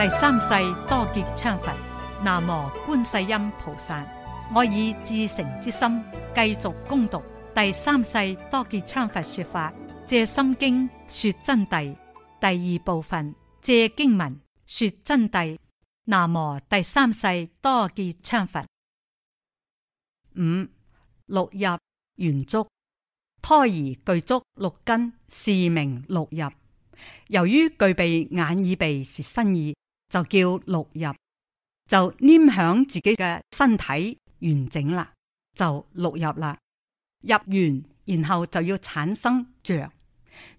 第三世多杰羌佛，南無觀世音菩薩。我以至誠之心繼續攻讀第三世多杰羌佛說法，借心經說真諦第二部分，借經文說真諦。南無第三世多杰羌佛。五六入圓足，胎兒具足六根，是名六入。由於具備眼耳鼻舌身意。就叫六入，就黏響自己嘅身體完整啦，就六入啦。入完然後就要產生着，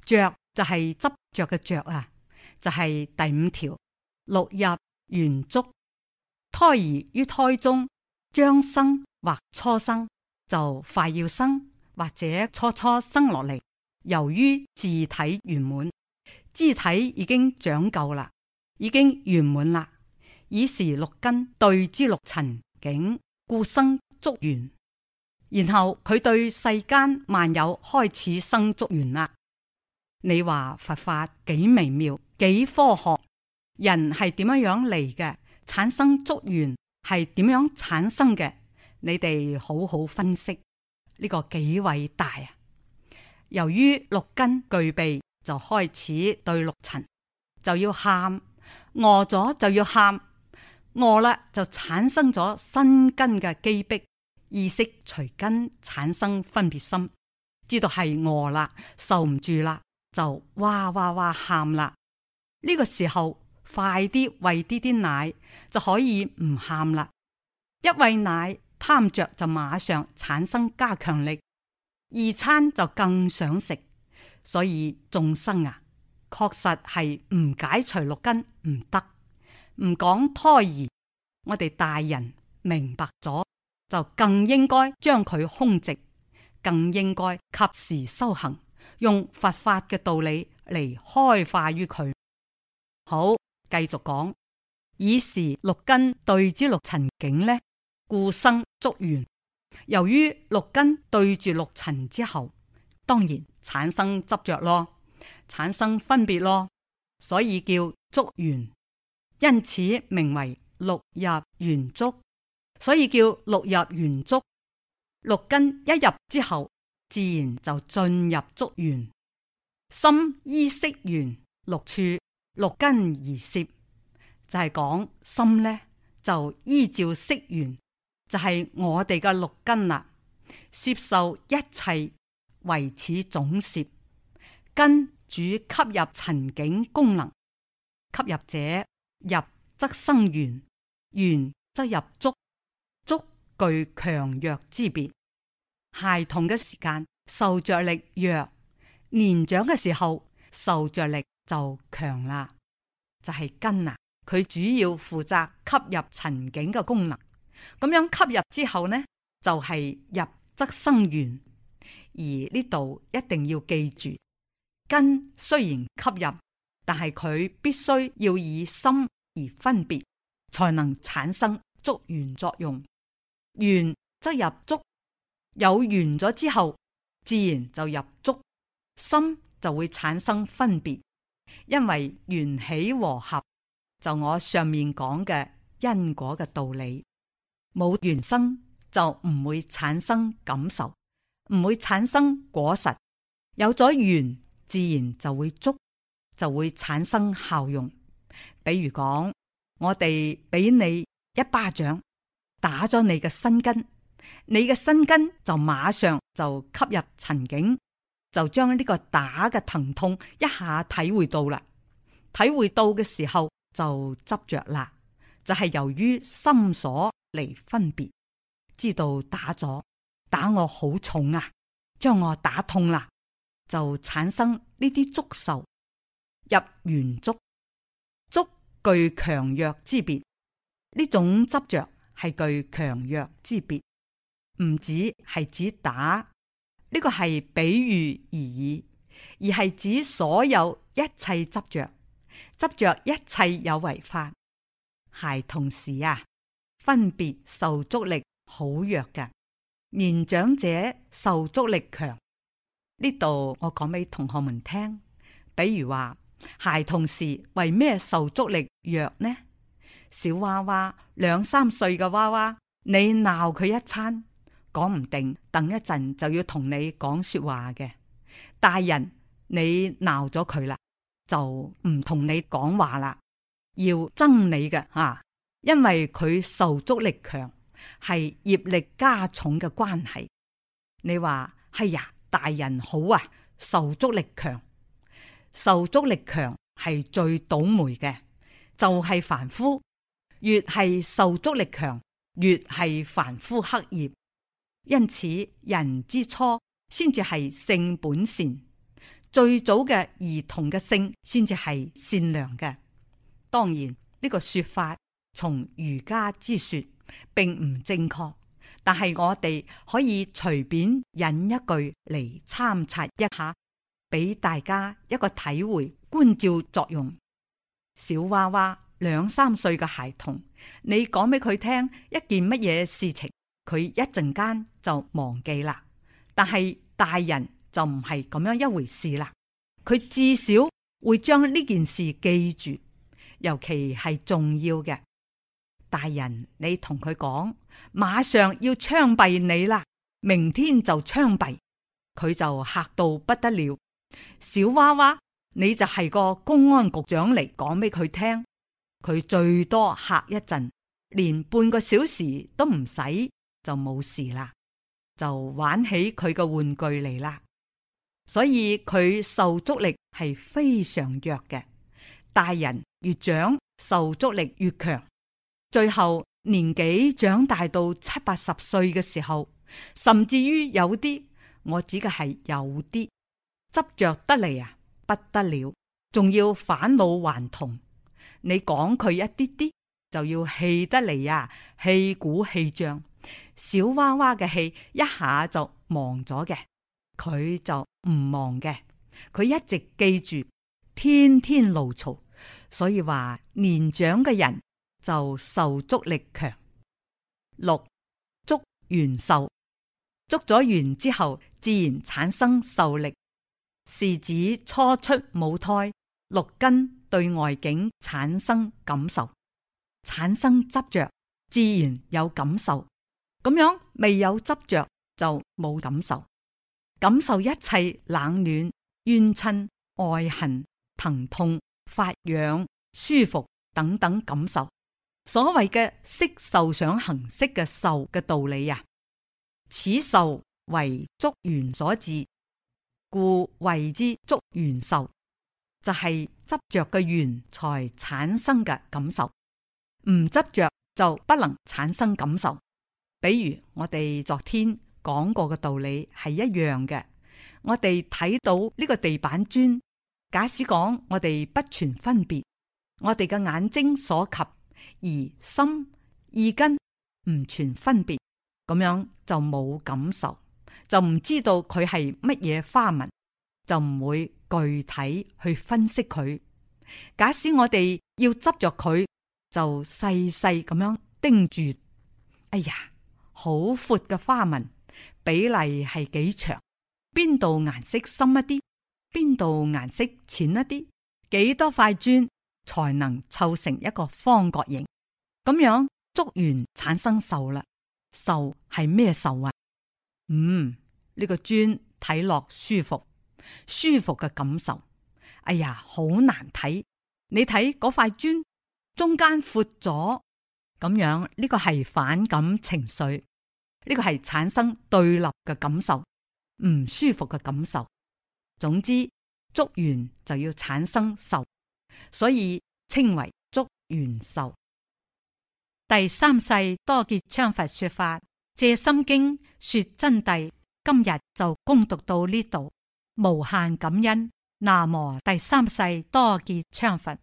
着就係執着嘅着啊，就係、是、第五條，六入完足，胎兒於胎中將生或初生，就快要生或者初初生落嚟，由於肢體圓滿，肢體已經長夠啦。已經圓滿啦，以時六根對之六塵境，故生足緣。然後佢對世間萬有開始生足緣啦。你話佛法幾微妙，幾科學？人係點樣樣嚟嘅？產生足緣係點樣產生嘅？你哋好好分析呢、這個幾偉大啊！由於六根具備，就開始對六塵就要喊。餓咗就要喊，餓啦就產生咗身根嘅饑迫意識，隨根產生分別心，知道係餓啦，受唔住啦，就哇哇哇喊啦。呢、這個時候快啲餵啲啲奶就可以唔喊啦。一餵奶貪着就馬上產生加強力，二餐就更想食，所以眾生啊。確實係唔解除六根唔得，唔講胎兒，我哋大人明白咗就更應該將佢空直，更應該及時修行，用佛法嘅道理嚟開化於佢。好，繼續講，以是六根對之六塵境呢？故生執緣。由於六根對住六塵之後，當然產生執着咯。產生分別咯，所以叫觸緣，因此名為六入緣觸，所以叫六入緣觸。六根一入之後，自然就進入觸緣。心依色緣六處六根而攝，就係、是、講心呢，就依照色緣，就係、是、我哋嘅六根啦，攝受一切為此總攝根。主吸入塵境功能，吸入者入則生元，元則入足，足具強弱之別。孩童嘅時間受着力弱，年長嘅時候受着力就強啦。就係、是、根啊，佢主要負責吸入塵境嘅功能。咁樣吸入之後呢，就係、是、入則生源，而呢度一定要記住。根雖然吸入，但係佢必須要以心而分別，才能產生觸緣作用。緣則入觸，有緣咗之後，自然就入觸，心就會產生分別。因為緣起和合，就我上面講嘅因果嘅道理，冇緣生就唔會產生感受，唔會產生果實，有咗緣。自然就會觸，就會產生效用。比如講，我哋俾你一巴掌，打咗你嘅身根，你嘅身根就馬上就吸入塵境，就將呢個打嘅疼痛一下體會到啦。體會到嘅時候就執着啦，就係、是、由於心所嚟分別，知道打咗打我好重啊，將我打痛啦。就產生呢啲觸受入緣觸，觸具強弱之別。呢種執着係具強弱之別，唔止係指打，呢、這個係比喻而已，而係指所有一切執着，執着一切有違法，孩童時啊，分別受觸力好弱嘅，年長者受觸力強。呢度我講俾同學們聽，比如話孩童時為咩受足力弱呢？小娃娃兩三歲嘅娃娃，你鬧佢一餐，講唔定等一陣就要同你講說話嘅。大人，你鬧咗佢啦，就唔同你講話啦，要憎你嘅啊，因為佢受足力強，係業力加重嘅關係。你話係，哎呀？大人好啊，受足力強，受足力強係最倒霉嘅，就係、是、凡夫，越係受足力強，越係凡夫黑業。因此，人之初先至係性本善，最早嘅兒童嘅性先至係善良嘅。當然呢、這個說法從儒家之說並唔正確。但係我哋可以隨便引一句嚟參察一下，俾大家一個體會觀照作用。小娃娃兩三歲嘅孩童，你講俾佢聽一件乜嘢事情，佢一陣間就忘記啦。但係大人就唔係咁樣一回事啦。佢至少會將呢件事記住，尤其係重要嘅大人，你同佢講。馬上要槍斃你啦！明天就槍斃，佢就嚇到不得了。小娃娃，你就係個公安局長嚟，講俾佢聽，佢最多嚇一陣，連半個小時都唔使就冇事啦。就玩起佢個玩具嚟啦。所以佢受觸力係非常弱嘅，大人越長受觸力越強，最後。年紀長大到七八十歲嘅時候，甚至於有啲，我指嘅係有啲執着得嚟啊，不得了，仲要返老還童。你講佢一啲啲，就要氣得嚟呀、啊，氣鼓氣脹，小娃娃嘅氣一下就忘咗嘅，佢就唔忘嘅，佢一直記住，天天嘮嘈，所以話年長嘅人。就受足力強六觸完受，觸咗完之後自然產生受力，是指初出母胎六根對外境產生感受，產生執着，自然有感受。咁樣未有執着就冇感受，感受一切冷暖、怨親、愛恨、疼痛、發癢、舒服等等感受。所謂嘅色受想行識嘅受嘅道理啊，此受為觸緣所致，故謂之觸緣受，就係執着嘅緣才產生嘅感受。唔執着就不能產生感受。比如我哋昨天講過嘅道理係一樣嘅，我哋睇到呢個地板磚，假使講我哋不存分別，我哋嘅眼睛所及。而心意根唔存分別，咁樣就冇感受，就唔知道佢係乜嘢花紋，就唔會具體去分析佢。假使我哋要執着佢，就細細咁樣盯住，哎呀，好闊嘅花紋，比例係幾長，邊度顏色深一啲，邊度顏色淺一啲，幾多塊磚。才能湊成一個方角形，咁樣築完產生受啦。受係咩受啊？嗯，呢個磚睇落舒服，舒服嘅感受。哎呀，好難睇！你睇嗰塊磚中間闊咗，咁樣，呢個係反感情緒，呢個係產生對立嘅感受，唔舒服嘅感受。總之，築完就要產生受。所以稱為足元壽。第三世多杰羌佛說法，借心經說真諦。今日就恭讀到呢度，無限感恩。南無第三世多杰羌佛。